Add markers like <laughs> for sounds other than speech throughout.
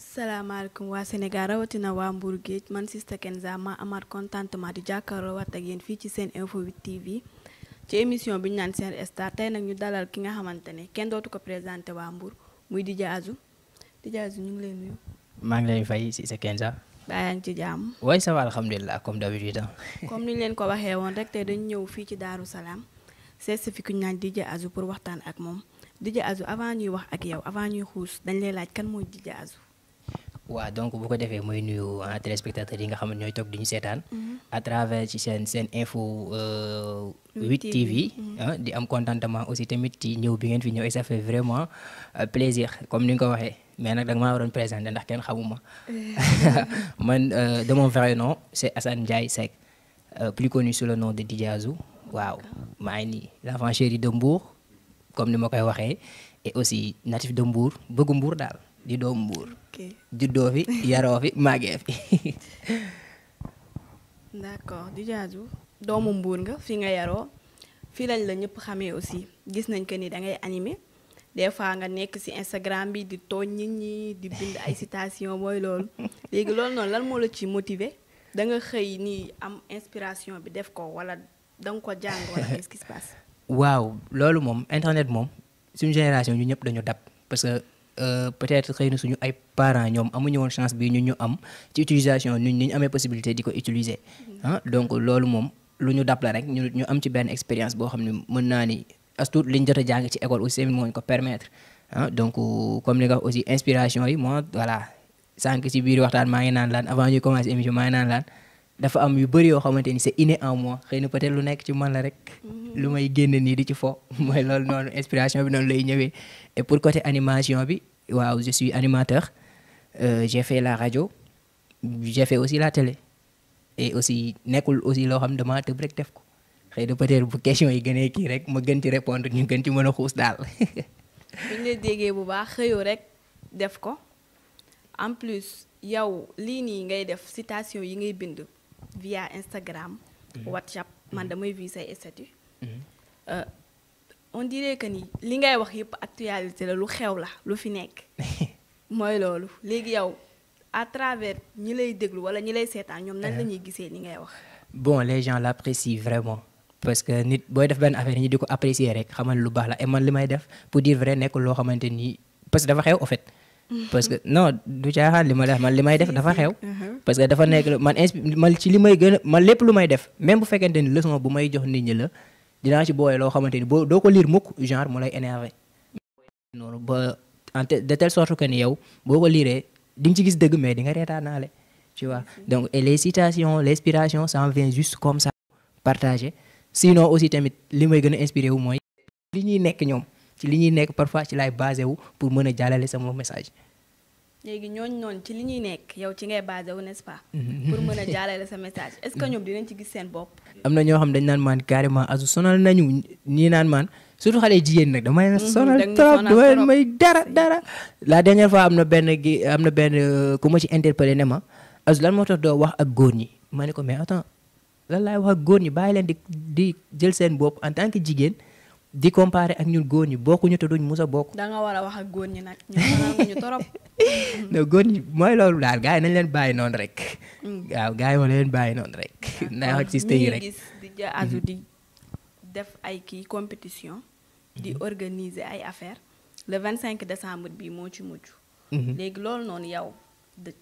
asalaamaaleykum waa Sénégal rawatina waa Mbour Géej man Sista Kenza ma amaat contentement di jàkkaarloo waat ak yéen fii ci seen info 8 TV ci émission bi ñu naan seen star tey nag ñu dalal ki nga xamante ne kenn dootu ko présenté waa Mbour muy Dija Azou Dija Azou ñu ngi lay maa ngi lay fay Sista Kenza. baa ngi ci jàmm. waay sa va alhamdulilah comme d'habitude. <laughs> comme ni ñu leen ko waxee woon rek tey dañu ñëw fii ci Daaru Salaam seet fi ku ñu naan Dija Azou pour waxtaan ak moom Dija Azou avant ñuy wax ak yow avant ñuy xuus dañ lay laaj kan mooy Dija Azou. waa donc bu ko defee mooy nuyu ah, téléspectateurs yi nga xam ne ñooy toog di ñu seetaan. Mm-hmm. à travers ci seen seen info. 8 euh, TV mm-hmm. ah, di am contentement aussi tamit ci ñëw bi ngeen fi ñëw et ça fait vraiment euh, plaisir comme ni nga ko waxee mais nag da nga maa waroon présenter ndax kenn xamuma eh. <laughs> man euh, de mon vrai nom c'est Assane Ndiaye Seck plus connu sous le nom de DJ Azou waaw maa ngi nii l'enfant chéri de Mbour comme ni ma koy waxee et aussi natif de Mbour bëggu Mbour daal. di doomu mbuur juddoo fi <laughs> yaroo fi màggee fi <laughs> d'accord di jaaju doomu mbuur nga fi nga yaroo fii lañ la ñëpp xamee aussi gis nañ que ni da ngay animé des fois nga nekk ci Instagram bi di tooñ nit ñi di bind ay <laughs> citation booy loolu léegi loolu noonu lan moo la ci motiver da nga xëy ni am inspiration bi def ko wala da ko jàng wala waaw loolu moom internet moom suñu génération ñu ñëpp dañu dab Euh, peut-être xëy na suñu ay parents ñoom amuñu woon chance bi ñu ñu am ci utilisation ñun ni ñu amee possibilité di ko utiliser mm-hmm. ah donc loolu moom lu ñu dab la rek ñu ñu am ci benn expérience boo xam ne mën naa ni as tuut liñ jot a jàng ci école aussi moo ñu ko permettre ah donc comme li nga aussi inspiration yi moo voilà sànq ci biir waxtaan maa ngi naan laan avant ñu commencer mi maa ngi naan laan dafa yoo xamante ni c'est inné en moi xëy na peut-être lu nekk ci man la rek mm-hmm. lu may génn nii di ci fo <laughs> mooy loolu noonu inspiration bi noonu lay ñëwee pour côté animation bi waaw je animateur euh, j'ai la radio j'ai aussi la télé et aussi nekkul aussi loo xam damaa tëb rek def ko xëy na peut bu question yi gënee kii rek ma gënti ci répondre ñu gën ci mën a xuus daal. <laughs> bu ñu déggee bu baax xëyoo rek def ko en plus yow lii nii ngay def citation yi ngay bind via Instagram. Mhm. WhatsApp man damay vu say on dirait que ni li ngay wax yëpp actualité la lu xew la lu fi nekk. <laughs> mooy loolu léegi yow à travers ñi lay déglu wala ñi lay seetaan ñoom nan uh-huh. la ñuy gisee li ngay wax. bon les gens l'apprécient vraiment. parce que nit booy def benn affaire ñi di ko apprécier rek xamal lu baax la et man li def pour dire vrai loo xamante ni parce que dafa xew en fait. <laughs> parce que non du caaxaan li ma def man li may def dafa xew. Uh-huh. parce que dafa nekk man man ci li may gën man lépp lu may def même bu fekkente ni leçon bu may jox nit ñi la. dinaa ci booyee loo xamante ni boo doo ko liir mukk genre mu lay énervé noonu ba en de tel sorte que ni yow boo ko liiree di ci gis dëgg mais di nga reetaanaale tu vois donc et les citations l'inspiration ça en vient juste comme ça partager sinon aussi tamit li may gën a inspiré wu mooy li ñuy nekk ñoom ci li ñuy nekk parfois ci laay basé wu pour mën a jàllale sama message léegi ñooñu noonu ci li ñuy nekk yow ci ngay basé wu n'est-ce pas mm-hmm. pour mën a <laughs> jàllale sa message est-ce que ñoom dinañ ci gis seen bopp am na ñoo xam dañ naan maan carrément asu sonal nañu ñii naan maan surtout xale jigéen nag dama leen mhm, sonal trop dama leen may dara dara laa dernière fois am na benn gi am na benn euh, ku ma ci interpellé ne ma asu lan moo doo wax a góor ñi ma ne ko mais attends lan laay wax ak góor ñi bàyyi leen di di jël seen bopp en tant que jigéen di comparer ak ñun góor ñi bokkuñu te duñ mus a bokk. da war a wax ak góor ñi nag ñu torop. <laughs> non góor ñi mooy loolu daal gaa yi nañ leen bàyyi noonu rek. Mm. gars yi ma bàyyi noonu rek. <laughs> naa ci stade yi rek gis di ja azu di def ay kii compétition. di mm-hmm. organiser ay affaires le 25 décembre bii moo ci mujj. Mm-hmm. léegi loolu noonu yow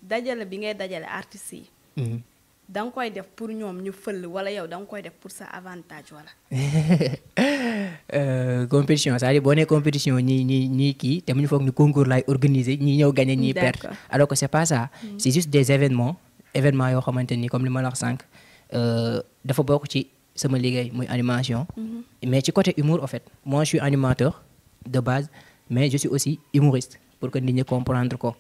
dajale bi ngay dajale artistes yi. Mm-hmm. da nga koy def pour ñoom ñu fël wala yow da koy def pour sa avantage wala. <laughs> Euh, compétition cest à boo nee compétition ñii ñii ñii kii te mu ñu foog ñu concours laay organiser ñii ñëw gagné ñii perte. alors que c'est pas ça. Mm. c'est juste des événements événements yoo xamante ni comme li ma la wax sànq euh, dafa bokk ci sama liggéey muy animation. Mm-hmm. mais ci côté humour en fait mois je suis animateur de base mais je aussi humoriste pour que nit ñi comprendre ko.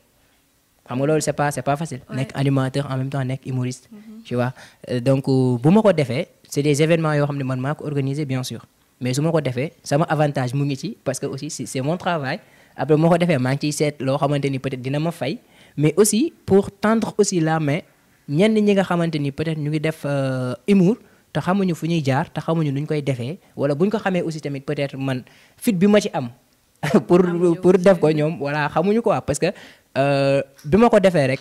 xam nga loolu c'est pas c'est pas facile nekk animateur en même temps nekk humoriste mm-hmm. tu vois euh, donc euh, bu ma ko defee c'est des événements yoo xam ne man maa organiser bien sûr mais su ma ko defee sama avantage mu ngi ci parce que aussi c'est mon travail après bu ma ko defee maa ngi ciy seet loo xamante ni peut-être dina ma fay mais aussi pour tendre aussi la main ñenn ñi nga xamante ni peut-être ñu ngi def euh, humour te xamuñu fu ñuy jaar te xamuñu nu koy defee wala bu ñu ko xamee aussi tamit peut-être man fit bi ma ci am <laughs> pour Euh, bi ma ko defee rek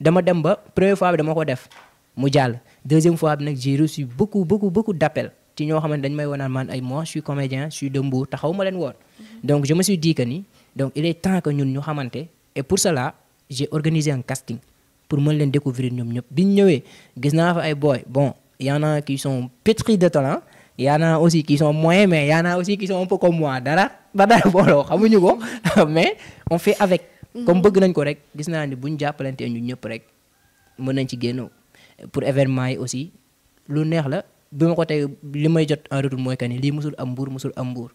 dama dem ba première fois bi dama ko def mu jàll deuxième fois bi nag j'ai reçu beaucoup beaucoup beaucoup d'appels ci ñoo xamante dañ may wonaan man ay mois je suis comédien je suis de Mbour taxaw ma leen woon mm-hmm. donc je me suis dit ni donc il est temps que ñun ñu xamante et pour cela j'ai organisé un casting pour mën leen découvrir ñoom ñëpp bi ñëwee gis naa fa ay boy bon y en a qui de talent y en a aussi qui sont moyens mais y en a aussi qui sont un peu <laughs> ko <laughs> mais on Mm-hmm. comme bëgg nañ ko rek gis naa ni buñ jàppalantee ñu ñëpp rek mën nañ ci génn pour événement yi aussi lu neex la bi ma ko tey li may jot en mooy que ni lii musul am mbuur musul am mbuur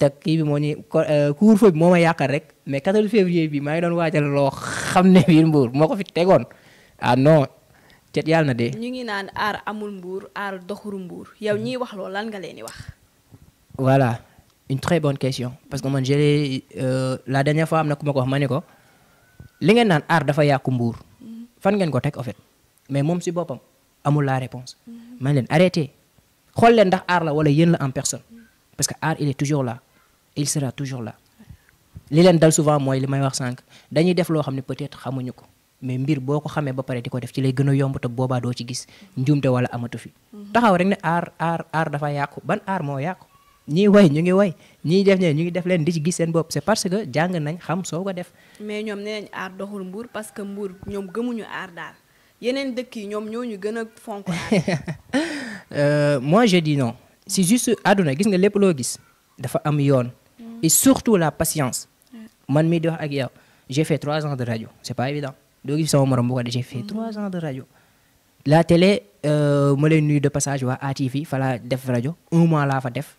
te kii bi moo ñuy euh, couvre-feu moo ma yaakaar rek mais 14 février bi maa ngi doon waajal loo xam ne biir mbuur moo ko fi tegoon ah non cet na de. ñu ngi naan aar amul mbuur aar doxuru mbuur yow ñiy wax loolu lan nga leen di wax. voilà. une très bonne question parce que man jëlee euh, la dernière fois am na ku ko wax li ngeen naan aar dafa yàqu mbuur fan ngeen ko teg en mais moom si boppam amul la réponse man leen arrêté xool leen ndax aar la wala yéen la en personne parce que aar il est toujours la il sera toujours la li leen dal souvent mooy li may wax sànq dañuy def loo xam ne peut-être xamuñu ko mais mbir boo ko xamee ba pare di ko def ci lay gën a yomb te boobaa doo ci gis njuumte wala amatu fi mm-hmm. ñii way ñu ngi way ñii def ne ñu ngi def leen di ci gis seen bopp c'est parce que jàng nañ xam soo ko def. mais ñoom nee nañ aar doxul mbuur parce que mbuur ñoom gëmuñu aar daal yeneen dëkk yi ñoom ñoo ñu gën a fonk aar. <laughs> Euh, je dis non c'est juste àdduna gis nga lépp loo gis dafa am yoon. Mm. surtout la patience. man mii di ak yow j'ai fait trois ans de radio c'est pas évident doo gis sama morom bu ko def j'ai fait mm. trois ans de radio. la télé euh, ma lay nuyu de passage waa ATV fa laa def rajo un mois laa fa def.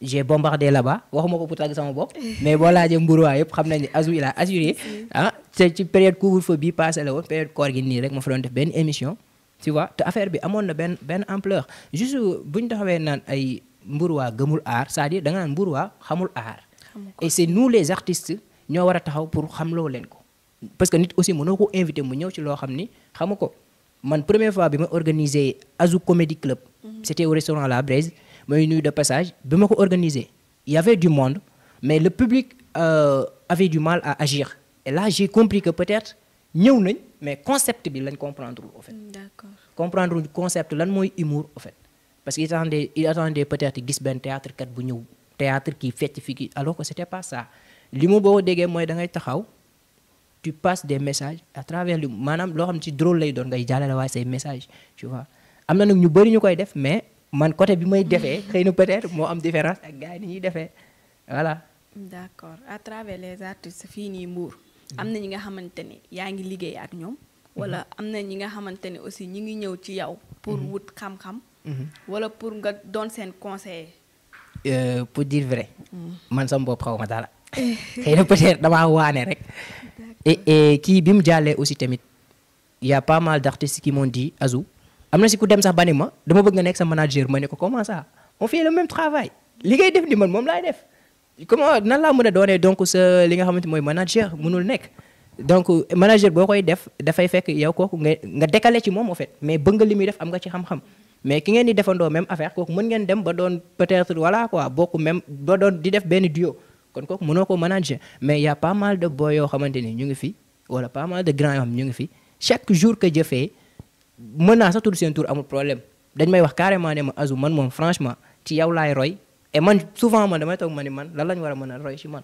j'ai bombardé là-bas waxuma ko pour tàgg sama bopp <laughs> mais boo laajee mburuwaa yëpp xam nañ ne Azou il a ah te ci période couvre-feu bi passé la woon période koor gi nii rek ma fa doon def benn émission tu vois te affaire bi amoon na benn benn ampleur juste bu ñu taxawee naan ay mburuwaa gëmul aar c'est-à-dire da nga naan mburuwaa xamul aar et c'est nous les artistes ñoo war a taxaw pour xamloo leen ko parce que nit aussi mënoo ko invité mu ñëw ci loo xam n xamu ko man première fois bi ma organisé Azou Comedy Club mm-hmm. c'était La Braise mooy nuyu de passage bi ma ko organisé il y avait du monde mais le public euh, avait du mal à agir la là j'ai compris que peut-être ñëw nañ mais concept bi lañ comprendre au fait. d'accord concept lan mooy humour au fait parce que il attendait il attendait peut-être gis benn théâtre kat bu ñëw théâtre kii fecc fi kii alors que c'était pas ça li mu boo déggee mooy da ngay taxaw. tu passes des messages à travers lu maanaam loo xam ne ci lay doon ngay jàllale waaye say messages am na nag ñu bari ñu koy def mais man côté bi may defee xëy na peut moo am différence ak gars yi ni ñuy defee voilà. d'accord à travers les artistes fii nii Mbour. am na ñi nga xamante ne yaa ngi liggéey ak ñoom. wala mhm. am na ñi nga xamante ne aussi ñi ngi ñëw ci yow. pour mhm. wut xam-xam. Mhm. wala pour nga doon seen conseiller. Euh, pour dire vrai. man sama bopp xaw ma daala <laughs> xëy na peut waane rek. kii bi mu jàllee aussi tamit y a pas mal d'artistes qui m'ont dit am na si ku dem sax ba ne ma dama bëgg nga nekk sa manager ma ne ko comment ça on fait le même travail li ngay man moom laay def comment nan laa mën a doonee donc sa li nga mooy manager mënul nekk donc manager boo koy def dafay fekk yow kooku nga nga ci moom en fait mais bëgg li muy def am nga ci xam-xam mais ki ngeen di defandoo même affaire kooku mën ngeen dem ba doon peut-être voilà quoi bokk ba doon di def benn duo kon kooku mënoo ko manager mais y a pas mal de boy yoo ni ñu ngi fi wala pas mal fi chaque jour que jëfee mën naa sax tudd seen tur amul problème dañ may wax carrément ne ma azu man moom franchement ci yow laay roy et man souvent man damay toog ma ni man lan lañ war a mën a roy si man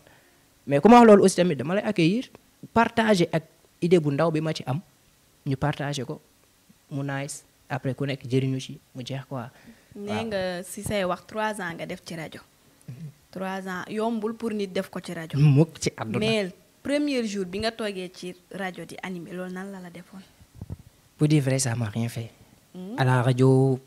mais ku ma wax loolu aussi tamit dama lay accueillir partager ak idée bu ndaw bi ma ci am ñu partager ko mu nice après ku nekk jëriñu ci mu jeex quoi. nee nga si say wax trois ans nga def ci rajo. Mhm. trois ans yombul pour nit def ko ci rajo. mukk ci àdduna mais jour bi nga toogee ci rajo di animé loolu nan la la defoon. Pour dire vrai, ça m'a rien fait. Mmh. À la radio,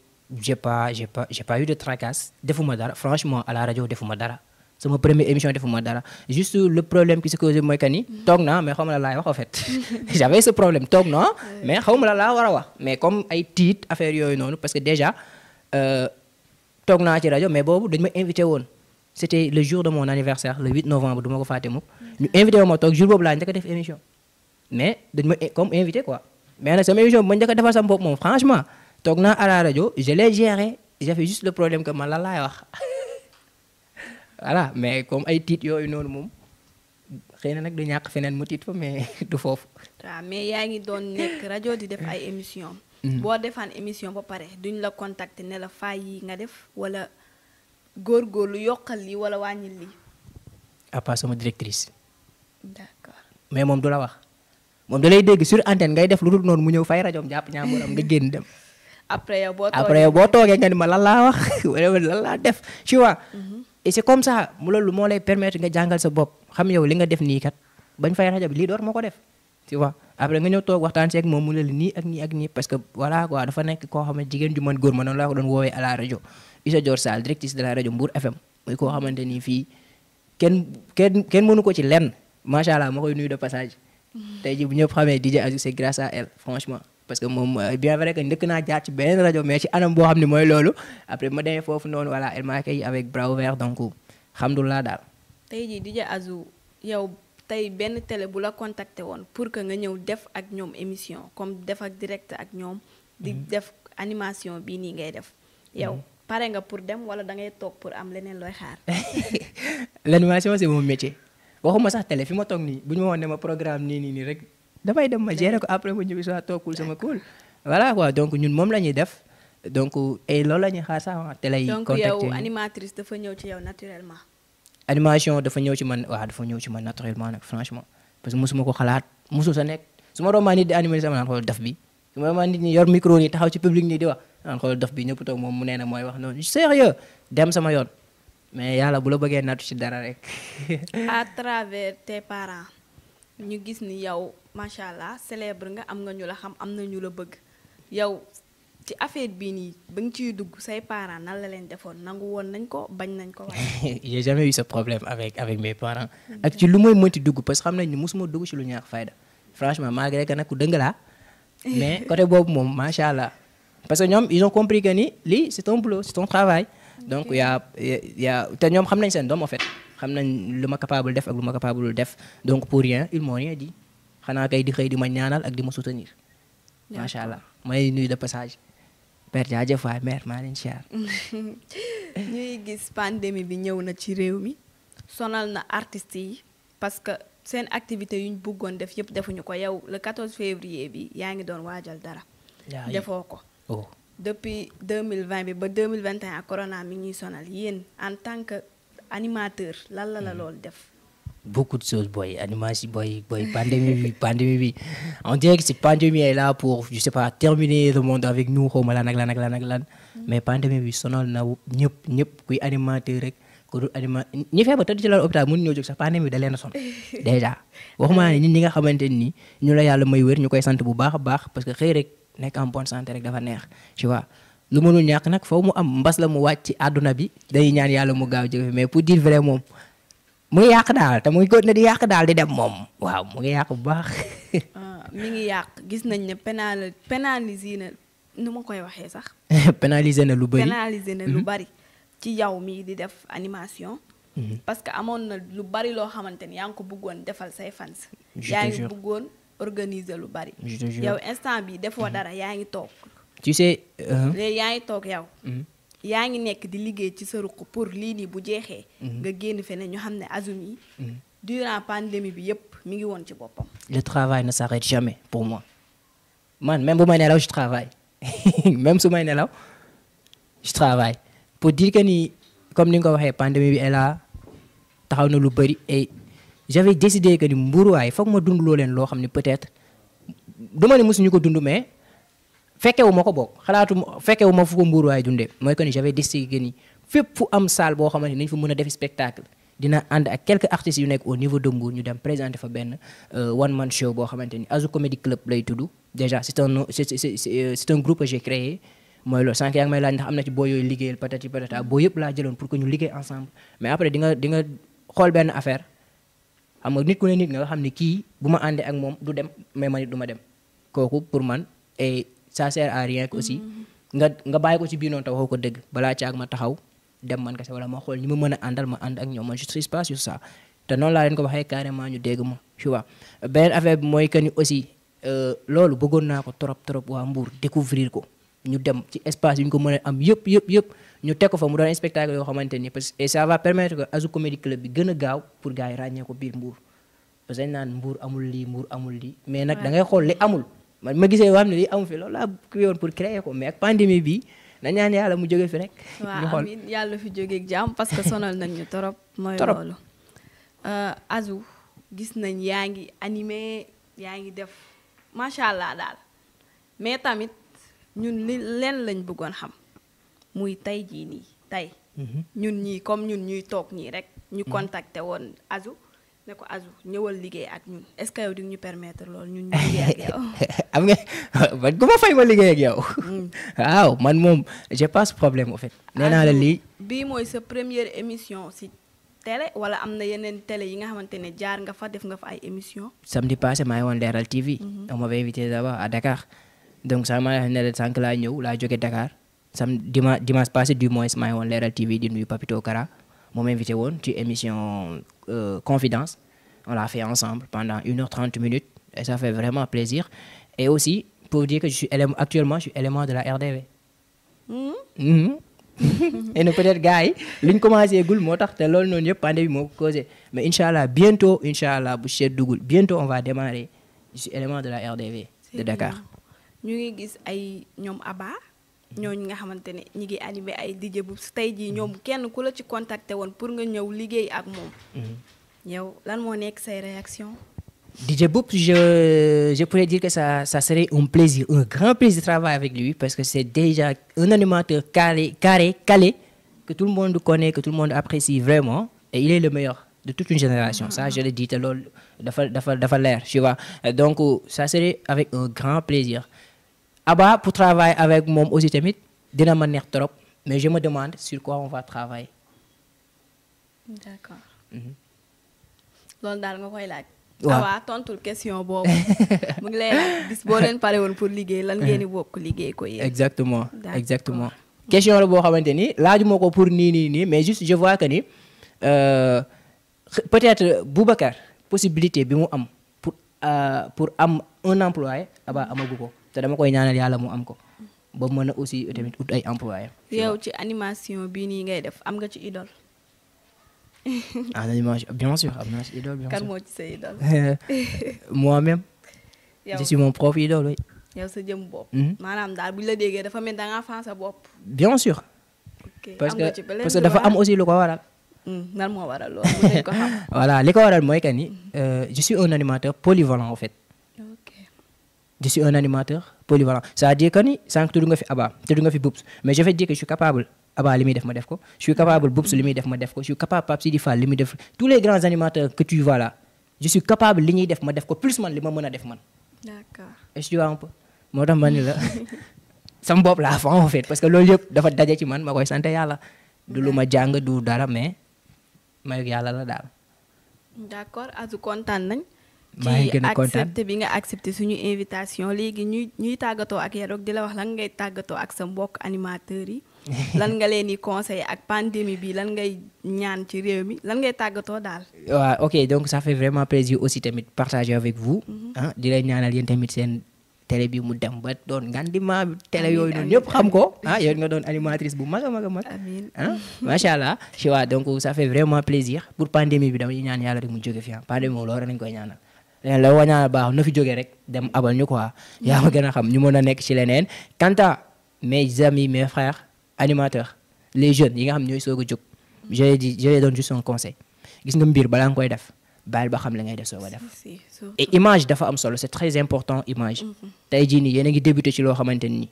j'ai pas, j'ai pas, eu de tracas. Defuma dara. Franchement, à la radio, defuma dara. C'est ma première émission defuma dara. Juste le problème qui se causait moi kani, hmm. tok na mais xawma la lay wax en fait. <laughs> J'avais ce problème tok na mais xawma la la wara wa Mais comme ay titre affaire yoy noonu parce que déjà euh tok na ci radio mais boobu dañ ma invité won. C'était le jour de mon anniversaire, le 8 novembre, duma ko faté muk. Hmm. Ñu invité ma tok jour bobu la ñëk mais nag sama émission bu ma njëkk a defal sama bopp moom franchement toog naa à la rajo je l'ai géré j'avais juste le problème que ma lan laay wax <laughs> voilà mais comme ay tiit yooyu noonu moom xëy na nag du ñàkk feneen mu tiit fa mais <laughs> du foofu. waaw mais yaa ngi doon nekk rajo di def ay émission mm. boo defaan émission ba pare duñ la contacter ne la faay yi nga def wala lu yokkal lii wala wàññil lii. à sama directrice. mais moom du la wax. moom da lay dégg sur antenne ngay def lu dul noonu mu ñëw fay rajoom jàpp ñaamuram nga génn dem. après yow boo toogee après yow boo nga ni ma lan laa wax <laughs> wala lan laa def tu vois. Mhm. et c' est comme mu loolu moo lay permettre nga jàngal sa bopp xam yow li nga def nii kat bañ fay rajo bi lii door moo ko def tu vois. après nga ñëw toog waxtaan seeg moom mu ne la nii ak nii ak nii parce que voilà quoi dafa nekk koo xam ne jigéen ju mën góor ma noonu laa ko doon woowee à la rajo Issa Dior Sall directrice de la rajo Mbour FM muy koo xamante ni fii kenn kenn kenn mënu ko ci lenn macha allah ma koy nuyu de passage. tey jii bu ñëpp xamee DJ Azou c'est grâce à elle franchement. parce que moom euh, bien vrai que njëkk naa jaar ci beneen rajo mais ci anam boo xam ne mooy loolu après ma demee foofu noonu voilà elle m'a accueilli avec bras donc alhamdulilah daal. tey jii DJ Azou yow tey benn télé bu la contacté woon pour que nga ñëw def ak ñoom émission comme def ak direct ak ñoom. di mhm. def animation bii nii ngay def. Mhm. yow pare nga pour dem wala da ngay toog pour am leneen looy xaar. <laughs> l'animation c'est waxuma sax télé fi ma toog nii bu ñu ma woon ne ma programme nii nii rek damay dem ma gérer ko après ma ñëw si waat toogul sama moom la ñuy def donc et loolu la ñuy xaar sax ah, télé yi. contacté donc dafa ñëw ci yow naturellement. animation dafa ñëw ci man waaw dafa ñëw ci man naturellement nag franchement parce que mosuma ko xalaat mosul sa nekk su ma romaa nit di animé sama naan xool daf bi. su ma nit ñi yor micro nii taxaw ci public nii di wax naan xool daf bi ñëpp toog moom mu nee na mooy wax noonu sérieux dem sama yoon. mais yàlla bu la bëggee nattu ci dara rek. <laughs> à travers tes parents ñu gis ni yow macha allah célèbre nga am nga ñu la xam am na ñu la bëgg yow ci affaire bii nii ba nga ciy dugg say parents nan la leen defoon nangu woon nañ ko bañ nañ ko. <laughs> j'ai jamais eu ce problème avec avec mes parents. Mm-hmm. ak ci lu mooy mënti dugg parce que xam nañ ni mosuma dugg ci lu ñaax fayda franchement malgré que nag ku dëng laa mais <laughs> côté boobu moom macha allah parce que ñoom ils ont compris lii c'est ton boulot ton travail. donc yaa yaa te ñoom xam nañ seen doom en xam nañ lu ma capable def ak lu ma capable def donc pour rien ils m'ont rien dit xanaa kay di xëy di ma ñaanal ak di ma soutenir macha allah may nuyu de passage. père jaajëf waay mère maa leen siyaar <laughs> ñuy gis pandémie bi ñëw na ci réew mi sonal na artistes yi parce que seen activité yu ñu bëggoon def yëpp defuñu ko yow le 14 février bi yaa ngi doon waajal dara defoo ko oh. depuis 2020 bi ba 2021 ak corona mi ñuy sonal yéen en tant que animateur lan la la hmm. loolu def. beaucoup de choses boy animation boy boy pandémie bi <laughs> pandémie bi on dirait que cette pandémie est là pour je sais pas terminer le monde avec nous xaw ma lan ak lan ak lan ak lan hmm. mais pandémie bi sonal na ñëpp ñëpp kuy animateur rek ku dul anima ñi feebar tëdd ci loolu hôpital mënu ñoo jóg sax pandémie bi da leen a sonn <laughs> déjà waxuma ne nit ñi nga xamante ni ñu la yàlla may wér ñu koy sant bu baax a baax parce que xëy rek. nekk en bonne santé rek dafa neex tu vois lu mënul ñàkk nag foofu mu am mbas la mu wàcc ci àdduna bi dañuy ñaan yàlla mu gaaw jóge mais pour dire vrai moom mu ngi yàq daal te mu ngi continuer di yàq daal di dem moom waaw mu ngi bu baax. <laughs> Ah, yàq gis nañ ne pénal pénaliser na nu ma koy waxee sax. <laughs> pénaliser na lu bari pénaliser na lu mhm. bari. ci yow mii di def animation. Mhm. parce que amoon na lu bari loo xamante ni yaa ngi ko bëggoon defal say fans. yaa ngi bëggoon. organiser lu bari. yow instant bi defoo dara yaa ngi toog. tu sais. Uh-huh. Eh, yaa ngi toog yow. Mm-hmm. yaa ngi nekk di liggéey ci sa ruq pour lii nii bu jeexee. Mm-hmm. nga génn fene ñu xam ne Azum yi. Mm-hmm. durant pandémie bi yépp mi ngi woon ci boppam. le na ne s'arrête jamais pour moi man même bu may nelaw je travaille <laughs> même su may nelaw je travaille pour dire que ni comme ni nga ko waxee pandémie bi est taxaw na lu bari j'avais décidé que ni Mbour waaye foog ma dund loo leen loo xam ne peut-être duma ne mosuñu ko dund mais fekkewu ma ko bokk xalaatu fekkewu ma fu ko Mbour waaye dundee mooy que ni j'avais décidé que ni fépp fu boo xamante ni dañ fa mën a def spectacle dina ànd ak quelques artistes yu nekk au niveau de Mbour ñu dem fa benn euh, one man show boo xamante ni Azou Comedy Club lay tudd déjà c'est un euh, c'est un groupe que j'ai créé mooy loolu sànq yaa ngi may laaj ndax am na ci boo yooyu liggéey ensemble mais après nga di nga benn affaire am nga nit ku ne nit nga xam ne kii bu ma àndee ak moom du dem mais man it du dem kooku pour man e ça sert à aussi mm-hmm. nga nga bàyyi ko si biir noon te waxoo ko dëgg balaa caag ma taxaw dem man se wala ma xool ñi ma mën a àndal ma ànd ak ñoom man je suis pas sur laa leen ko waxee carrément ñu dégg ma tu vois beneen affaire bi mooy que ni aussi euh, loolu bëggoon naa ko trop trop waa Mbour découvrir ko ñu dem ci espace yu ñu ko mën a am yëpp yëpp yëpp ñu teg ko fa mu doon spectacle yoo xamante ni parce que ça va permettre que Comedy Club bi gën a gaaw pour gars yi ràññee ko biir Mbour. parce que naan Mbour amul lii mbuur amul lii. mais nag da ngay xool li amul. man ma gisee yoo xam ne lii amul fi loolu laa kii woon pour créer ko mais ak pandémie bi na ñaan yàlla mu jógee fi rek. ñu xool waaw yàlla fi jógee ak jàmm parce que sonal nañ ñu <laughs> trop. mooy loolu euh, Azou gis nañ yaa ngi animé yaa ngi def macha allah daal mais tamit ñun li lañ bëggoon xam. muy tey jii nii tey. Mhm. ñun ñii comme ñun ñuy toog nii rek. ñu mhm. contacter woon Azou ne ko ñëwal liggéey ak ñun est-ce que yow di ñu permettre loolu ñun ñu liggéey ak yow. <laughs> am nga man <laughs> ku ma fay ma liggéey ak yow. Mm. <laughs> waaw man moom je pense problème au fait. nee naa la lii. bii mooy sa première émission si télé wala am na yeneen tele yi nga xamante ne jaar nga fa def nga fa ay émission samedi passé maa ngi woon Leral TV. Mhm. on m'avait invité d'abord à Dakar donc sama ne la sànq laa ñëw laa jóge Dakar. sam dimanche dimanche passé du moins maa ngi woon Leral TV di nuyu Papito moom invité woon ci émission euh, confidence on l'a fait ensemble pendant une heure trente minutes et ça fait vraiment plaisir et aussi pour dire que je suis élément actuellement je suis élément de la RDV. Hmm? Hmm? <laughs> et ne peut-être gars yi li ñu commencé gul moo tax te loolu noonu yëpp pandémie moo ko mais incha allah bientôt incha allah bu seet dugul bientôt on va démarrer je suis élément de la RDV. ñooñu nga xamante ne ñi ngi animé ay DJ Boubs tey jii ñoom kenn ku la ci contacté woon pour nga ñëw liggéey ak moom. Mm-hmm. yow lan moo nekk say réaction DJ Boubs je je pourrais dire que ça ça serait un plaisir un grand plaisir de travailler avec lui parce que c'est déjà un animateur carré carré calé que tout le monde connaît que tout le monde apprécie vraiment et il est le meilleur de toute une génération ça je le dis te dafa dafa dafa leer tu donc ça serait avec un grand plaisir. Abba pour travailler avec moom aussi tamit dina ma neex trop mais je me demande sur quoi on va travailler. d'accord. Mhm. daal nga koy laaj. waaw Abba tontul question boobu <laughs> mu ngi lay laaj bis boo leen pare woon pour liggéey lan ngeen liggéey ko yéen. exactement exactement. question la boo xamante ni laajuma ko pour nii nii nii mais juste je vois que euh, peut-être Boubacar possibilité bi mu am pour euh, pour am un employé Abba amagu ko. te dama koy ñaanal yàlla mu am ko ba mën na aussi tamit ut ay employé yow ci animation bii nii ngay def am nga ci idole. <laughs> en animation bien sûr am naa ci idole bien sûr. moo ci sa idole. <laughs> moi-même. yow je suis mon propre idole oui. yow sa jëm bopp. Hmm? maanaam daal bu ñu la déggee dafa mel da ngaa fan sa bopp. bien sûr. parce que parce que dafa am aussi lu ko waral. nan hmm, moo waral loolu. <laughs> voilà li ko waral mooy que ni hmm. euh, je suis un animateur polyvalent en je suis un animateur polyvalent cest à ni sànq tudd fi Abba tudd fi Boubs mais je vais je li muy def ma def ko je suis capable Boubs li def ma def ko je suis capable Pape Sidi def tous les grands animateurs que tu vois je suis capable li ñuy def ma def ko plus man li ma mën a def man. moo tax ma ni la <laughs> sama bopp laa fa en fait parce que loolu yëpp dafa daje ci man ma koy sant yàlla du lu ma jàng du dara mais mayu yàlla la daal. d'accord Azou kontaan nañ. maa ngi gën a bi nga accepté suñu invitation léegi ñuy ñuy tàggatoo ak yaroog di la wax lan ngay tàggatoo ak sa mbokk animateurs yi <laughs> lan nga leen di conseiller ak pandémie bi lan ngay ñaan ci réew mi lan ngay tàggatoo daal waaw ok donc ça fait vraiment plaisir aussi tamit partager avec vous ah di lay ñaanal yéen tamit seen télé bi mu dem ba doon ngandima télé yooyu noonu ñëpp xam ko <laughs> ah yooyu nga doon animatrice bu mag a mag a mag ah macha allah ci <laughs> waa donc ça fait vraiment leneen eh, la wañaan baax na fi jógee rek dem abal ñu quoi yaa ma gën a xam ñu mën a nekk ci leneen quant mes amis mes frères animateurs les jeunes yi nga xam ñooy soog a jóg je dis je donne juste un conseil gis nga mbir balaa koy def bàyyil ba xam la ngay def soog a def et image dafa am solo c'est très important image mm-hmm. tey jii nii yéen a débuté ci loo xamante ni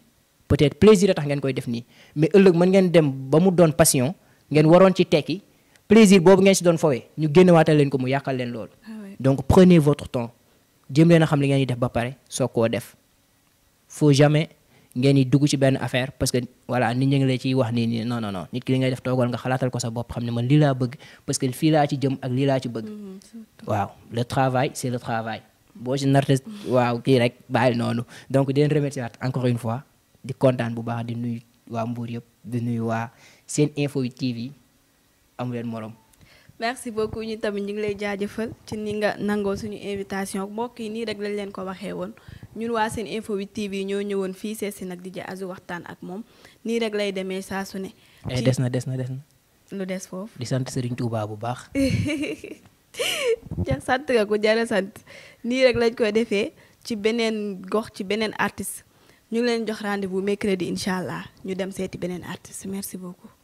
peut-être plaisir a tax ngeen koy def nii mais ëllëg mën ngeen dem ba mu doon passion ngeen waroon ci tekki plaisir boobu ngeen si doon fowee ñu génnewaata leen ko mu yàqal leen loolu ah, donc prenez votre temps jéem na xam li ngeen di def ba pare soo koo def foo jamais ngeen di dugg ci benn affaire parce que voilà ni ñi ngi lay ciy wax nii nii non non non nit ki li ngay def toogal nga xalaatal ko sa bopp xam ne man lii laa bëgg parce que fii laa ci jëm ak lii laa ci bëgg mm-hmm, waaw le travail c'est le travail boo ci narte waaw kii rek bàyyi noonu donc di leen remercier encore une fois di kontaan bu baax di nuy waa Mbour yëpp di nuyu waa Seneinfo TV amu leen morom merci beaucoup ñu tamit ñu ngi lay jaajëfal ci ni nga nangoo suñu invitation mbokk yi nii rek lañ leen ko waxee woon ñun waa seen info 8 TV ñoo ñëwoon fii seet si nag di ja azu waxtaan ak moom nii rek lay demee saa su ne. Eh, des na des na des na. lu des foofu. di sant Serigne Touba bu baax. <laughs> ja sant nga ko jërë sant nii rek lañ koy defee ci beneen gox ci beneen artiste ñu ngi leen jox rendez-vous mercredi incha allah ñu dem seeti beneen artiste merci beaucoup.